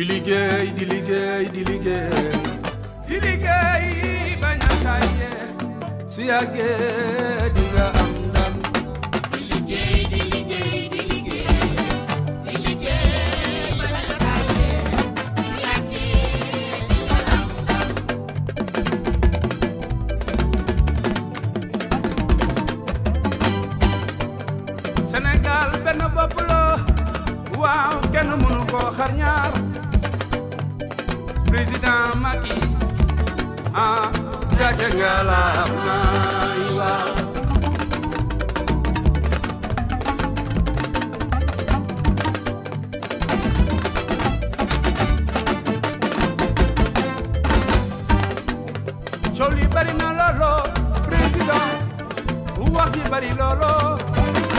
di liggéey di bañ a tàyye su yàggee di di liggéey di liggéey di liggéey di bañ a tàyye su yàggee di nga am ndam Sénégal benn bopp la waaw kenn mënu koo xar président Macky ah gàcce nga la may waaw président wax ji bari loolo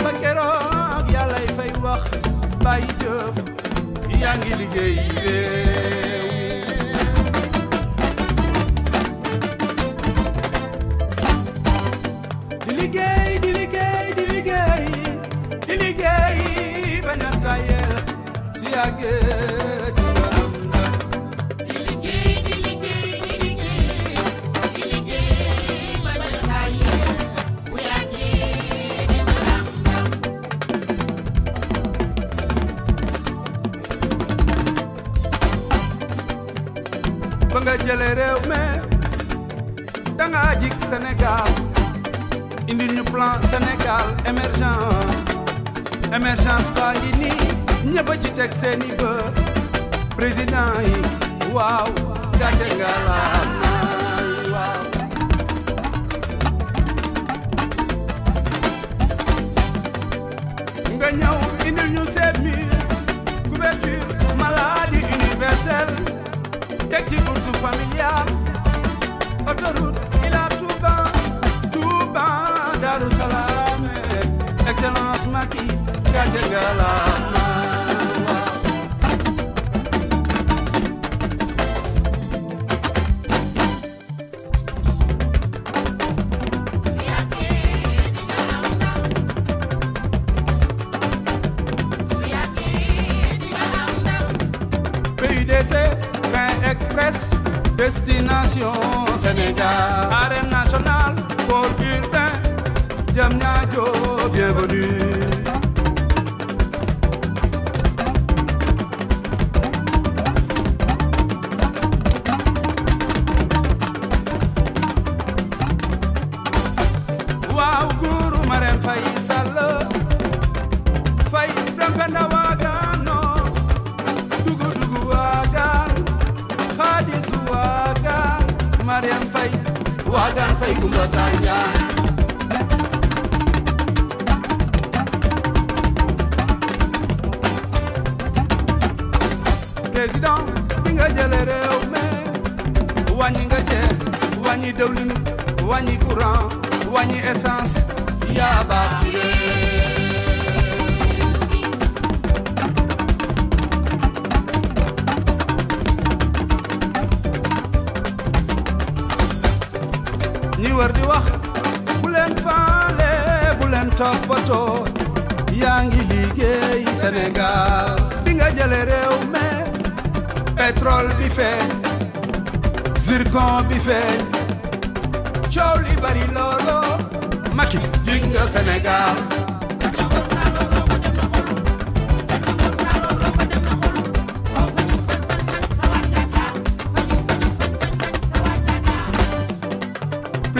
ba keroog yàllay wax bàyyi jëf yaa ngi liggéey réew di liggéey di liggéey di liggéey di liggéey bañ a tayel si yàggee ba nga jële réew me danga jik Sénégal indi ñu plan Sénégal émergent émergence baa ngi nii ñëpp a ci seeni bë président yi waaw gàcce nga laa familial autoroute ila Touba Touba Darou Salam excellence Macky Gajaga la destination Sénégal. arène nationale pôle urbain Diamniadio bienvenue. waaw góoru Marème Faye Sall Faye Demba Ndaw waagaan fay kumba sanjaan président bi nga jële réew mi wàññi nga ceeb wàññi dëwlin wàññi courant wàññi essence yaa baax wër di wax bu leen faale bu leen toppatoo yaa liggéey Sénégal di nga jële me pétrole bi feeñ zircon bi feeñ coow li bari loolo Macky jig nga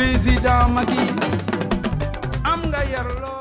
président Macky am nga yar loo